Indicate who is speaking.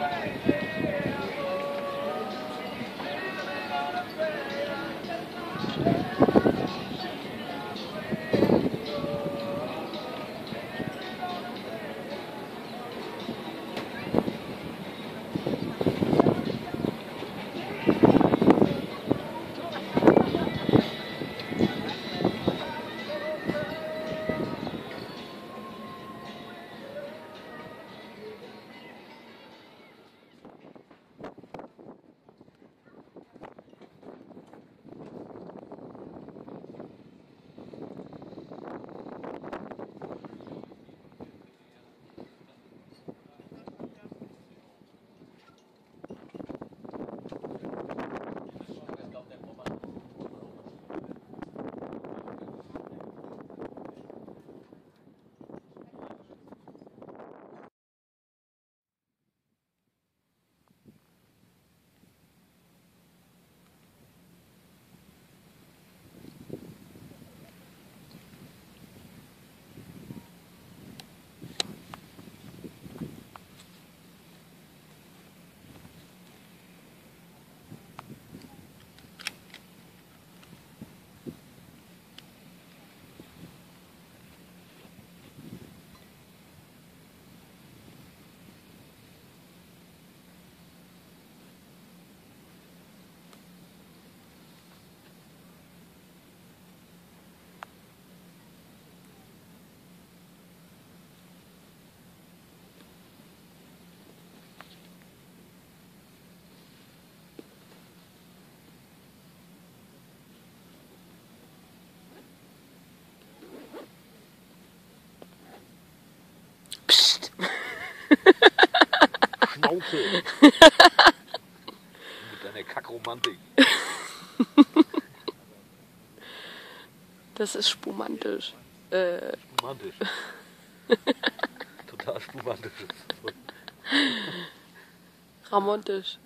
Speaker 1: Thank you.
Speaker 2: Raupe.
Speaker 3: Mit
Speaker 4: deiner Kackromantik.
Speaker 5: Das ist spumantisch.
Speaker 6: Äh. Spumantisch. Total
Speaker 7: spumantisch.
Speaker 5: Ramontisch.